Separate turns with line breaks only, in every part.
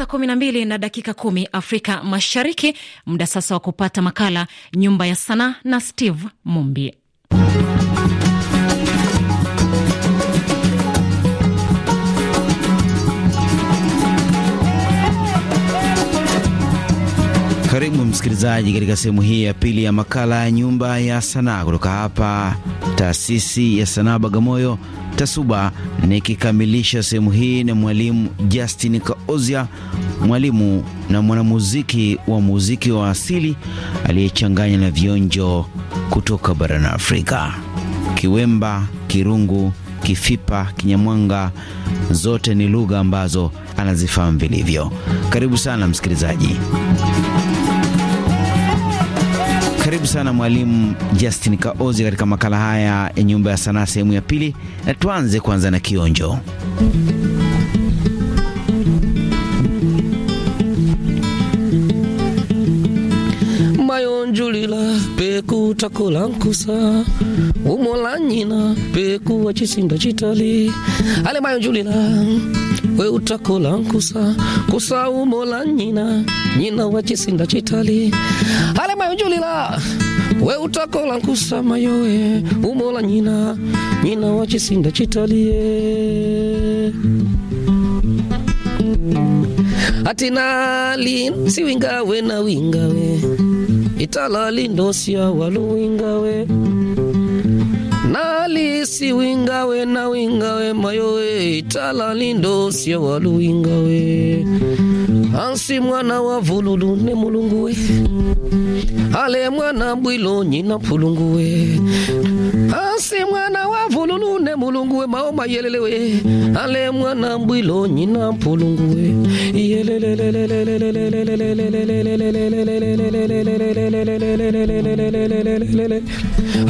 saa 12 na na dakika kumi Afrika Mashariki, muda sasa wa kupata makala Nyumba ya Sanaa na Steve Mumbi. Karibu msikilizaji katika sehemu hii ya pili ya makala ya Nyumba ya Sanaa kutoka hapa Taasisi ya Sanaa Bagamoyo Tasuba. Nikikamilisha sehemu hii na mwalimu Justin Kaozia, mwalimu na mwanamuziki wa muziki wa asili aliyechanganya na vionjo kutoka barani Afrika, Kiwemba, Kirungu, Kifipa, Kinyamwanga, zote ni lugha ambazo anazifahamu vilivyo. Karibu sana msikilizaji. Karibu sana Mwalimu Justin Kaozi katika makala haya ya Nyumba ya Sanaa sehemu ya pili, na tuanze kwanza na kionjo.
mayonjulila pekutakola nkusa umola nyina peku chisinda chitali ale mayonjulila we utakula nkusa kusa umola nyina nyina wachisinda chitali ale mayunjulila we utakola nkusa mayoe umola nyina nyina wachisinda chitalie atinali siwingawe na wingawe italali ndosia waluwingawe winga we na we mayowe lindo sio walu we ansi mwana wa vululu ne we ale mwana bwilo nyina pulunguwe pulungu maoma yelele ale mwana mbwilo nyina pulungu we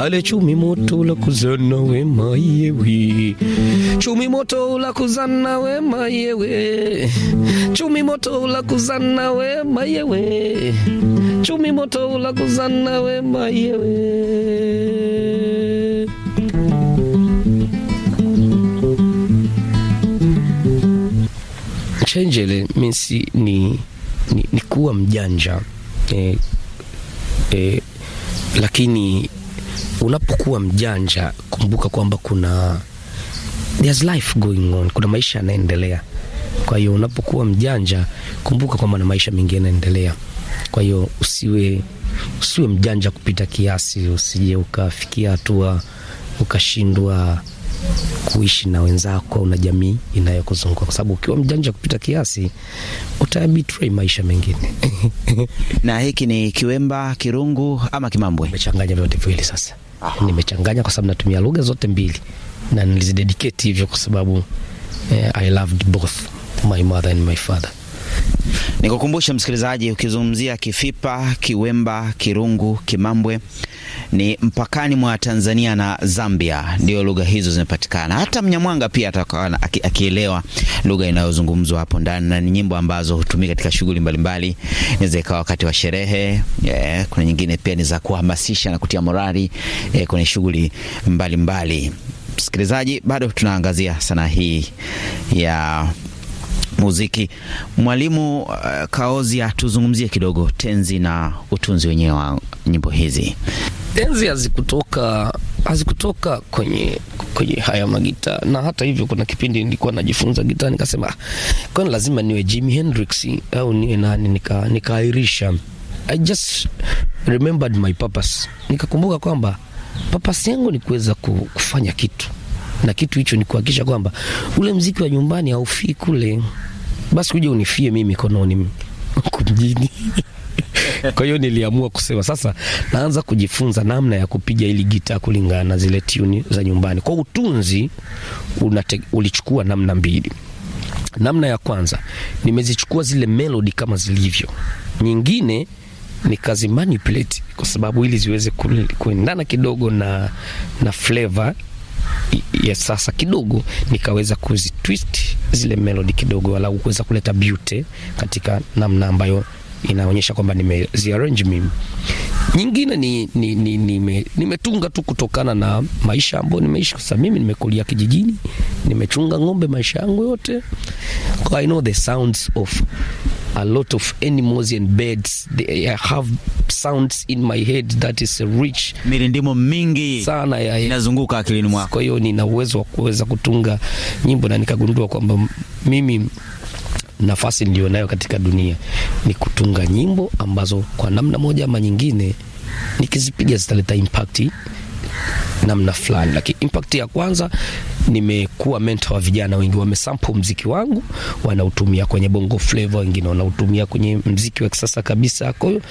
ale chumi moto la kuzana we mayewe chumi moto la kuzana we mayewe chumi moto la kuzana we mayewe chumi moto la kuzana we mayewe chanjele mesi ni, ni, ni kuwa mjanja eh, eh, lakini unapokuwa mjanja kumbuka kwamba kuna there's life going on, kuna maisha yanaendelea. Kwa hiyo unapokuwa mjanja kumbuka kwamba na maisha mengine yanaendelea. Kwa hiyo usiwe usiwe mjanja kupita kiasi, usije ukafikia hatua ukashindwa kuishi na wenzako na jamii inayokuzunguka kwa sababu ukiwa mjanja kupita kiasi utabitray maisha mengine.
na hiki ni Kiwemba, Kirungu ama Kimambwe? Nimechanganya vyote viwili sasa. Aha. Nimechanganya kwa sababu natumia lugha zote mbili na nilizidedicate hivyo kwa sababu eh, I loved both my mother and my father. Nikukumbushe msikilizaji, ukizungumzia Kifipa, Kiwemba, Kirungu, Kimambwe ni mpakani mwa Tanzania na Zambia, ndio lugha hizo zinapatikana. Hata Mnyamwanga pia atakuwa akielewa lugha inayozungumzwa hapo ndani, na ni nyimbo ambazo hutumika katika shughuli mbalimbali. Inaweza ikawa wakati wa sherehe yeah, kuna nyingine pia ni za kuhamasisha na kutia morali yeah, kwenye shughuli mbalimbali. Msikilizaji, bado tunaangazia sanaa hii ya yeah muziki. Mwalimu uh, Kaozia, tuzungumzie kidogo tenzi na utunzi wenyewe wa nyimbo hizi. Tenzi hazikutoka hazikutoka kwenye kwenye haya
magita, na hata hivyo, kuna kipindi nilikuwa najifunza gita nikasema kwani lazima niwe Jimi Hendrix au niwe nani, nika nikaairisha I just remembered my purpose, nikakumbuka kwamba purpose yangu ni kuweza kufanya kitu na kitu hicho ni kuhakikisha kwamba ule mziki wa nyumbani haufii kule basi kuja unifie mimi mikononi huku mjini. Kwa hiyo niliamua kusema sasa naanza kujifunza namna ya kupiga ili gita kulingana na zile tuni za nyumbani. Kwa utunzi unate, ulichukua namna mbili. Namna ya kwanza nimezichukua zile melody kama zilivyo, nyingine nikazi manipulate kwa sababu ili ziweze kuendana kidogo na, na flavor ya sasa kidogo, nikaweza kuzitwist zile melody kidogo, walau kuweza kuleta beauty katika namna ambayo inaonyesha kwamba nimeziarrange mimi. Nyingine ni, ni, ni, ni, nimetunga tu kutokana na maisha ambayo nimeishi. Sasa mimi nimekulia kijijini, nimechunga ng'ombe maisha yangu yote. I know the sounds of a lot of animals and birds. They have sounds in my head that is rich.
Mirindimo mingi sana ya, inazunguka akilini mwako. Kwa
hiyo nina uwezo wa kuweza kutunga nyimbo na nikagundua kwamba mimi nafasi nayo katika dunia ni kutunga nyimbo ambazo kwa namna moja ama nyingine nikizipiga zitaleta impact namna fulani, lakini impact ya kwanza, nimekuwa mentor wa vijana wengi, wamesample mziki wangu, wanautumia kwenye bongo flavor, wengine wanautumia kwenye mziki wa kisasa kabisa. Kwa hiyo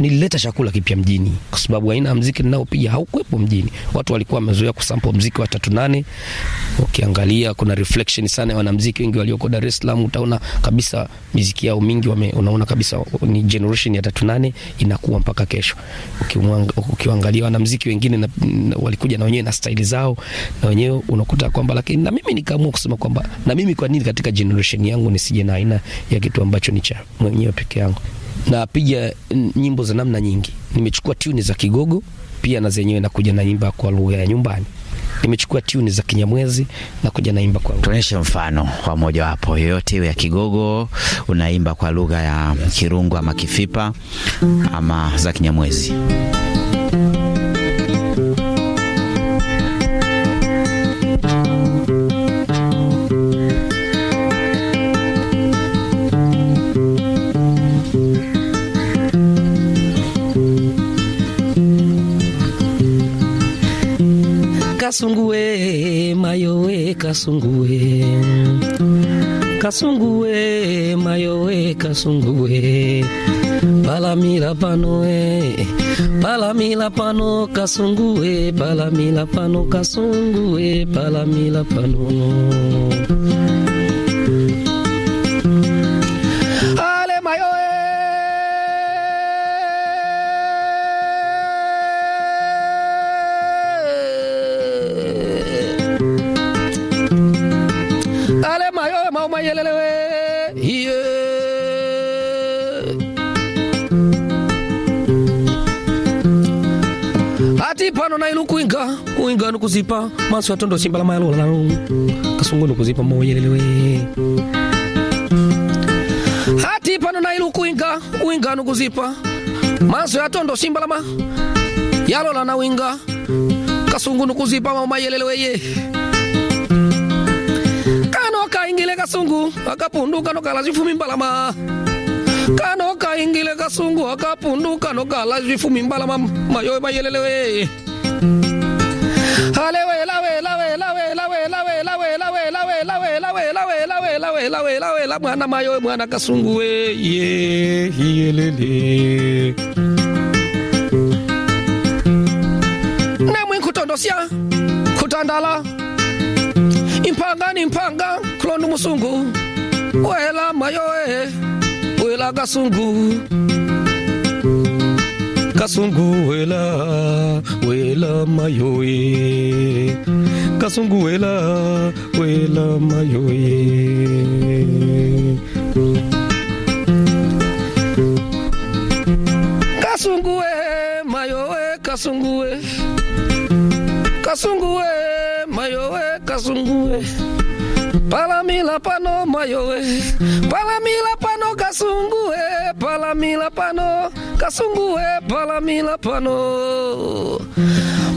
nilileta chakula kipya mjini, kwa sababu aina ya mziki ninaopiga haukuwepo mjini. Watu walikuwa wamezoea kusample mziki wa tatu nane. Ukiangalia kuna reflection sana ya wanamziki wengi walioko Dar es Salaam, utaona kabisa miziki yao mingi wame, unaona kabisa ni generation ya tatu nane inakuwa mpaka kesho. Ukiangalia wanamziki wengine walikuja wanakuja na wenyewe na staili zao, na wenyewe unakuta kwamba, lakini na mimi nikaamua kusema kwamba na mimi kwa nini katika generation yangu nisije na aina ya kitu ambacho ni cha mwenyewe peke yangu. Napiga nyimbo za namna nyingi, nimechukua tuni za Kigogo pia na zenyewe nakuja na nyimba kwa lugha ya nyumbani nimechukua tuni za Kinyamwezi
na kuja naimba kwa lugha. Tuonyeshe mfano wa moja wapo yoyote ya Kigogo unaimba kwa lugha ya Kirungu ama Kifipa ama za Kinyamwezi.
kasungue mayowe kasungue kasungue mayowe kasungue balamila pano e balamila pano kasungue balamila pano kasungue balamila pano pakati pano na nailukuinga kuinga nukuzipa maso atondo simbala mayalola nalo kasungu nukuzipa moyelelewe hati pano na nailukuinga kuinga nukuzipa maso yatondo simbalama yalola na winga kasungu nukuzipa mamayeleleweye kano kaingile kasungu akapundu kano kalazifu mimbalama kano kaingile kasungu akapunduka no kalazifumi mbala ma, mayoyo mayelelewe alewelawelawelawelawelawelawelawelawelawelawelawelawela mwana mayoyo mwana kasungu we yelele nemwi nkutondosya kutandala impanga ni mpanga kulondu musungu wela mayoe Kasungu, kasungu kasungu wela wela mayoye kasungu wela wela mayoye kasungue we kasungue kasungue mayowe kasungue palamila pano mayowe palamila pano kasungue pano kasungue palamila pano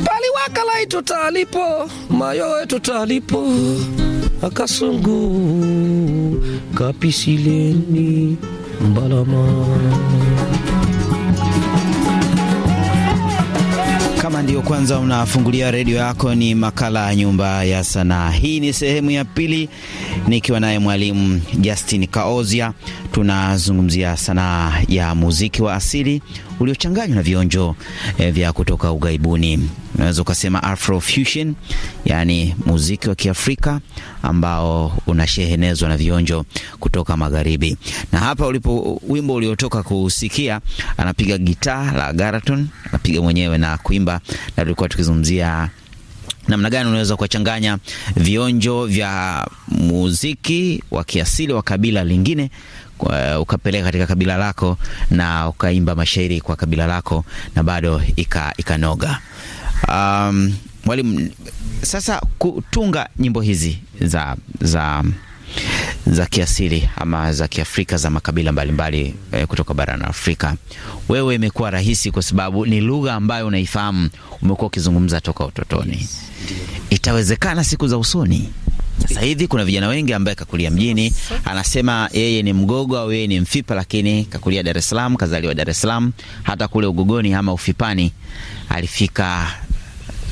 paliwakalaitu talipo mayoetu talipo akasungu kapisileni mbalama
Kama ndiyo kwanza unafungulia redio yako, ni makala ya Nyumba ya Sanaa. Hii ni sehemu ya pili, nikiwa naye mwalimu Justin Kaozia. Tunazungumzia sanaa ya muziki wa asili uliochanganywa na vionjo eh, vya kutoka ughaibuni. Unaweza ukasema Afrofusion, yani muziki wa Kiafrika ambao unashehenezwa na vionjo kutoka magharibi. Na hapa ulipo wimbo uliotoka kusikia, anapiga gitaa la Garaton, anapiga mwenyewe na kuimba, na tulikuwa tukizungumzia namna gani unaweza kuchanganya vionjo vya muziki wa kiasili wa kabila lingine uh, ukapeleka katika kabila lako na ukaimba mashairi kwa kabila lako na bado ikanoga ika um, mwalimu sasa kutunga nyimbo hizi za za za kiasili ama za Kiafrika za makabila mbalimbali mbali, eh, kutoka barani Afrika, wewe imekuwa rahisi kwa sababu ni lugha ambayo unaifahamu, umekuwa ukizungumza toka utotoni. Itawezekana siku za usoni? Sasa hivi kuna vijana wengi ambaye kakulia mjini, anasema yeye ni mgogo au yeye ni mfipa, lakini kakulia Dar es Salaam, kazaliwa Dar es Salaam. Hata kule ugogoni ama ufipani alifika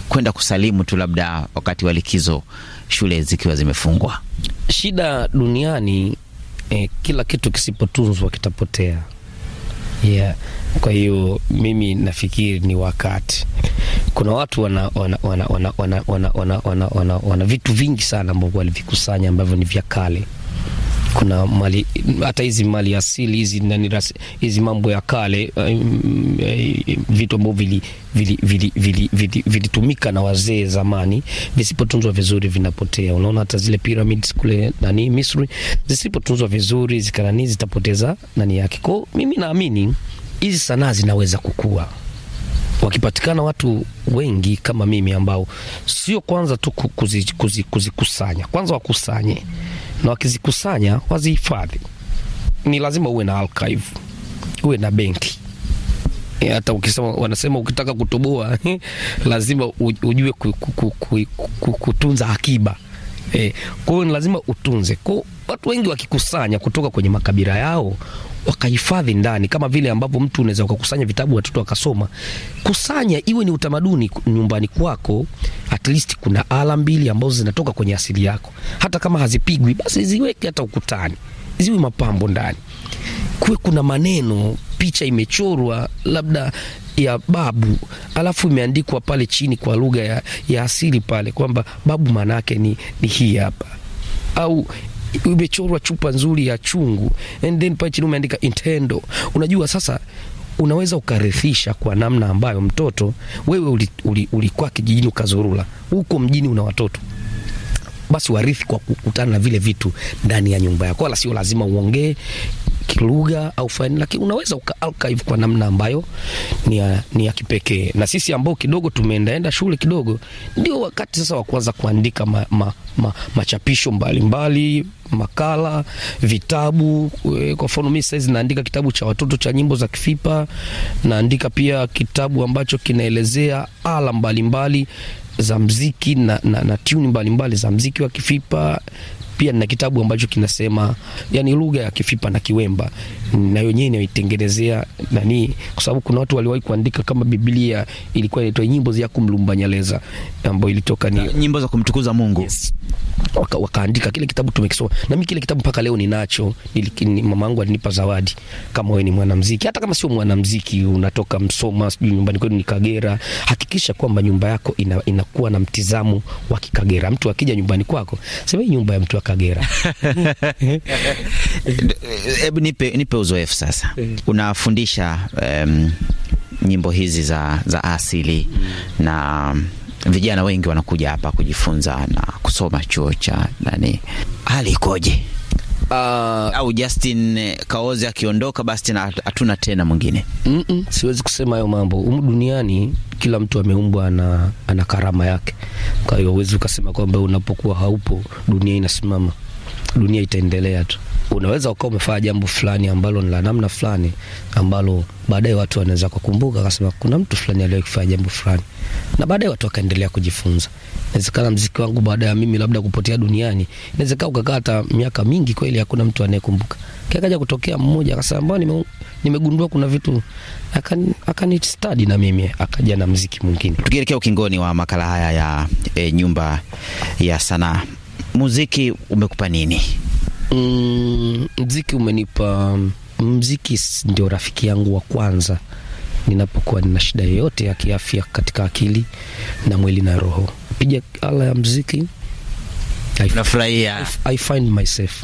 kwenda kusalimu tu, labda wakati wa likizo, shule zikiwa zimefungwa.
Shida duniani eh, kila kitu kisipotunzwa kitapotea yeah. Kwa hiyo mimi nafikiri ni wakati, kuna watu wana, wana, wana, wana, wana, wana, wana, wana, wana vitu vingi sana ambavyo walivikusanya ambavyo ni vya kale kuna mali hata hizi mali asili hizi nani hizi mambo ya kale um, uh, vitu ambavyo vili vilitumika vili, vili, vili na wazee zamani, visipotunzwa vizuri vinapotea. Unaona hata zile pyramids kule nani Misri, zisipotunzwa vizuri zikanani, zitapoteza nani yake. Kwa mimi naamini hizi sanaa zinaweza kukua wakipatikana watu wengi kama mimi ambao sio kwanza tu kuzikusanya kuzi, kuzi kwanza wakusanye na wakizikusanya wazihifadhi. Ni lazima uwe na archive, uwe na benki eh, hata ukisema, wanasema ukitaka kutoboa lazima ujue kutunza akiba E, kwa hiyo ni lazima utunze. Kwa watu wengi wakikusanya kutoka kwenye makabila yao wakahifadhi ndani, kama vile ambavyo mtu unaweza ukakusanya vitabu watoto wakasoma. Kusanya iwe ni utamaduni nyumbani kwako, at least kuna ala mbili ambazo zinatoka kwenye asili yako, hata kama hazipigwi, basi ziweke hata ukutani, ziwe mapambo ndani, kuwe kuna maneno, picha imechorwa labda ya babu, alafu imeandikwa pale chini kwa lugha ya, ya asili pale kwamba babu maanake ni, ni hii hapa au imechorwa chupa nzuri ya chungu and then pale chini umeandika intendo. Unajua sasa unaweza ukarithisha kwa namna ambayo mtoto wewe ulikuwa uli, uli kijijini ukazurula huko mjini una watoto basi warithi kwa kukutana na vile vitu ndani ya nyumba yako, wala sio lazima uongee kilugha au fulani, lakini unaweza uka archive kwa namna ambayo ni ya, ni ya kipekee. Na sisi ambao kidogo tumeendaenda shule kidogo, ndio wakati sasa wa kuanza kuandika ma, ma, ma, machapisho mbalimbali mbali, makala, vitabu. Eh, kwa mfano mimi saizi naandika kitabu cha watoto cha nyimbo za Kifipa, naandika pia kitabu ambacho kinaelezea ala mbalimbali mbali za mziki na, na, na tuni mbalimbali za mziki wa Kifipa pia nina kitabu ambacho kinasema yani lugha ya Kifipa na Kiwemba, na yenyewe inaitengenezea nani, kwa sababu kuna watu waliwahi kuandika kama Biblia ilikuwa inaitwa nyimbo za kumlumba Nyaleza, ambayo ilitoka ni nyimbo za kumtukuza Mungu yes. Waka, wakaandika kile kitabu tumekisoma, na mimi kile kitabu mpaka leo ninacho. Ni mama yangu alinipa zawadi, kama wewe ni mwanamuziki, hata kama sio mwanamuziki, unatoka Msoma, sijui nyumbani kwenu ni Kagera, hakikisha kwamba nyumba yako ina, inakuwa na mtizamo wa Kikagera. Mtu akija nyumbani kwako sema hii nyumba ya mtu wa Kagera.
Hebu nipe, nipe uzoefu sasa, eh. unafundisha um, nyimbo hizi za, za asili na vijana wengi wanakuja hapa kujifunza na kusoma chuo cha nani, hali ikoje? uh, au Justin Kaozi akiondoka basi na hatuna tena mwingine?
mm -mm, siwezi kusema hayo mambo. Humu duniani kila mtu ameumbwa na ana karama yake, kwa hiyo huwezi ukasema kwamba unapokuwa haupo dunia inasimama. Dunia itaendelea tu. Unaweza ukawa umefanya jambo fulani ambalo ni la namna fulani ambalo baadaye watu wanaweza kukumbuka, akasema kuna mtu fulani aliwahi jambo fulani, na baadaye watu wakaendelea kujifunza inawezekana mziki wangu baada ya mimi labda kupotea duniani, inawezekana ukakaa hata miaka mingi kweli hakuna mtu anayekumbuka. Kaja kutokea mmoja akasema, nime, nimegundua kuna vitu akani, akani study na mimi akaja na mziki
mwingine. Tukielekea ukingoni wa makala haya ya e, nyumba ya sanaa, muziki umekupa nini?
Mm, mziki umenipa mziki, ndio rafiki yangu wa kwanza ninapokuwa nina shida yoyote ya kiafya katika akili na mwili na roho piga ala ya mziki
unafurahia.
I find myself,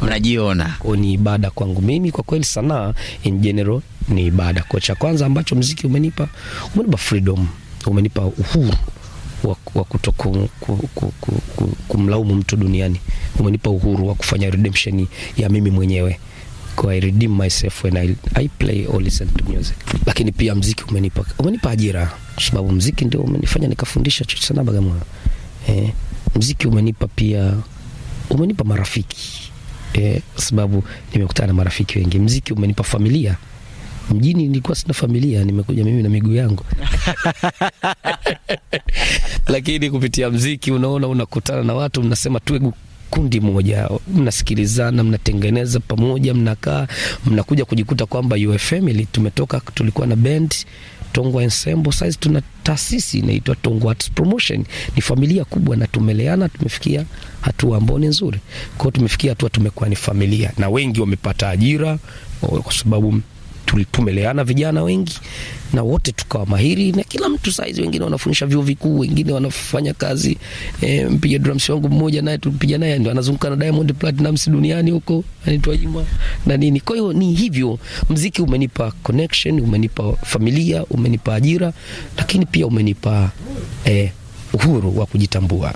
unajiona kwa ni ibada kwangu mimi. Kwa kweli sanaa in general ni ibada, kwa cha kwanza ambacho mziki umenipa, umenipa freedom, umenipa uhuru wa, wa kutoku ku, ku, ku, ku, kumlaumu mtu duniani, umenipa uhuru wa kufanya redemption ya mimi mwenyewe. I redeem myself when I, I play or listen to music. Lakini pia mziki umenipa, umenipa ajira sababu mziki ndio umenifanya nikafundisha chochote sana Bagamoyo. Eh, mziki umenipa pia umenipa marafiki eh, sababu nimekutana na marafiki wengi. Mziki umenipa familia mjini nilikuwa sina familia, nimekuja mimi na miguu yangu lakini kupitia mziki unaona, unakutana na watu mnasema twegu kundi moja, mnasikilizana, mnatengeneza pamoja, mnakaa, mnakuja kujikuta kwamba you family. Tumetoka, tulikuwa na bend Tongwa Ensemble, saizi tuna taasisi inaitwa Tongwa Arts Promotion. Ni familia kubwa na tumeleana, tumefikia hatua ambayo ni nzuri. kwao. tumefikia hatua, tumekuwa ni familia na wengi wamepata ajira kwa sababu tumeleana vijana wengi na wote tukawa mahiri, na kila mtu saizi, wengine wanafundisha vyuo vikuu, wengine wanafanya kazi e, mpiga drums wangu mmoja naye tulipiga naye ndio anazunguka na Diamond Platinumz duniani huko, anaitwa Juma na nini. Kwa hiyo ni hivyo, mziki umenipa connection, umenipa familia, umenipa ajira, lakini pia umenipa e, uhuru wa kujitambua.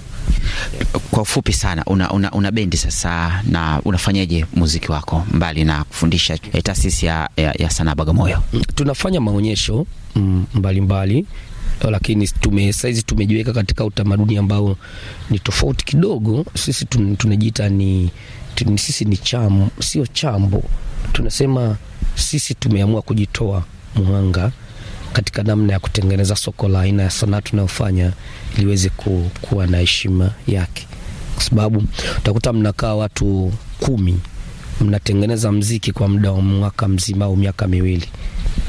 Kwa ufupi sana, una, una, una bendi sasa na unafanyaje muziki wako mbali na kufundisha e, taasisi ya, ya, ya sanaa Bagamoyo?
Tunafanya maonyesho mbalimbali mm, mbali, lakini tume saizi tumejiweka katika utamaduni ambao ni tofauti kidogo. Sisi tunajiita ni tun, sisi ni chamu, sio chambo, tunasema sisi tumeamua kujitoa muhanga katika namna ya kutengeneza soko la aina ya sanaa tunayofanya iliweze ku, kuwa na heshima yake, kwa sababu utakuta mnakaa watu kumi mnatengeneza mziki kwa muda wa mwaka mzima au miaka miwili,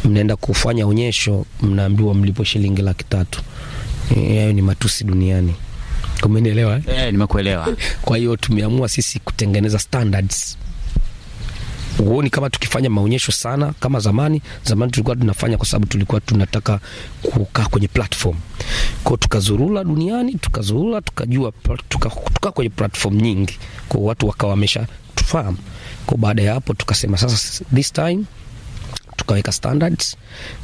mnaenda kufanya onyesho, mnaambiwa mlipo shilingi laki tatu. Eh, hayo ni matusi duniani. Umenielewa eh?
E, nimekuelewa.
Kwa hiyo tumeamua sisi kutengeneza standards uoni kama tukifanya maonyesho sana kama zamani. Zamani tulikuwa tunafanya kwa sababu tulikuwa tunataka kukaa kwenye platform kwa, tukazurula duniani, tukazurula, tukajua, tukakaa tuka kwenye platform nyingi, kwa watu wakawa wamesha tufahamu. Kwa baada ya hapo tukasema sasa this time tukaweka standards.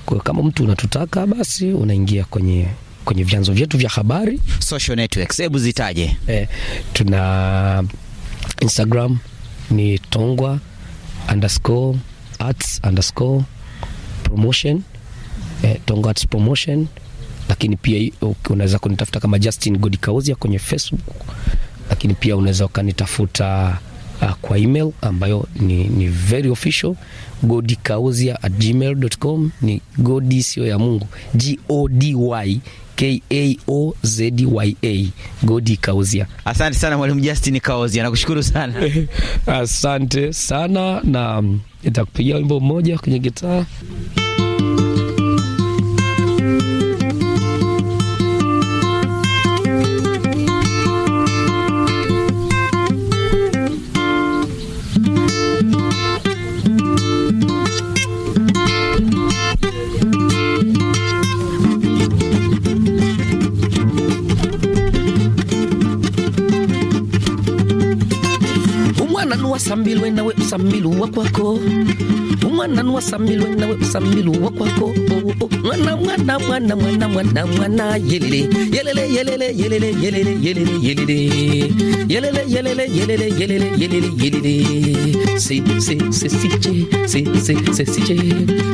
Kwa kama mtu unatutaka basi unaingia kwenye kwenye vyanzo vyetu vya habari,
social networks, hebu zitaje.
Eh, tuna Instagram ni Tongwa underscore arts underscore promotion eh, Tongo Arts promotion, lakini pia unaweza kunitafuta kama Justin Godikauzia kwenye Facebook, lakini pia unaweza ukanitafuta uh, kwa email ambayo ni, ni very official godikauzia at gmail.com. Ni godi sio ya Mungu, G O D Y kaozya Godi Kaozia. Asante sana Mwalimu Justin Kaozia, nakushukuru sana. Asante sana na nitakupigia wimbo mmoja kwenye gitaa. wasambilwe nawe usambilwa kwako mwana nwasambilwe nawe usambilwe wakwako mwana mwana mwana mwana mwana mwana yelele yelele yelele yelele yelele yelele yelele yelele yelele yelele yelele yelele yelele se se se siche se se se siche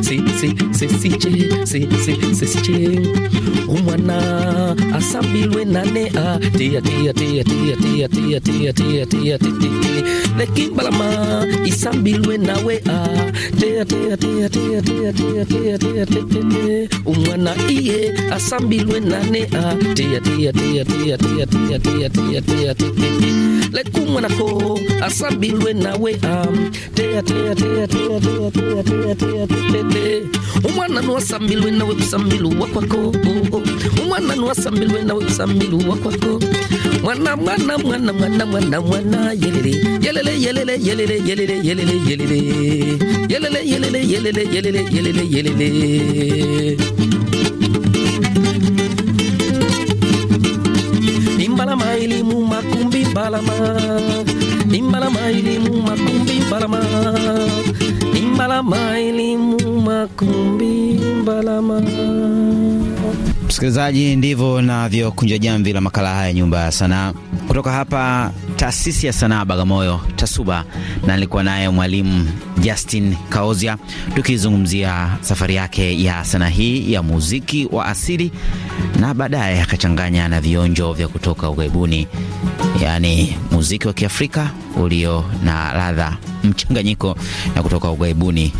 se se se siche se se se siche umwana asambilwe nane a tia tia tia tia tia tia tia tia tia tia tia lekimbalama isambilwe nawe a tia umwana iye asambilwe nane a leka asambilwe nawe a umwana nuwasambilwe nawe kusambiluwa kwako umwana nuwasambilwe nawe kusambiluwa kwako Mwana mwana mwana mwana mwana mwana yelele yelele yelele yelele yelele yelele yelele yelele yelele yelele yelele yelele yelele Nimbalama ilimu makumbi balama Nimbalama ilimu makumbi balama Nimbalama ilimu makumbi balama
Msikilizaji, ndivyo navyokunja jamvi la makala haya Nyumba ya Sanaa kutoka hapa taasisi ya sanaa Bagamoyo, TASUBA, na nilikuwa naye mwalimu Justin Kaozia tukizungumzia safari yake ya sanaa hii ya muziki wa asili, na baadaye akachanganya na vionjo vya kutoka ughaibuni, yaani muziki wa Kiafrika ulio na ladha mchanganyiko na kutoka ughaibuni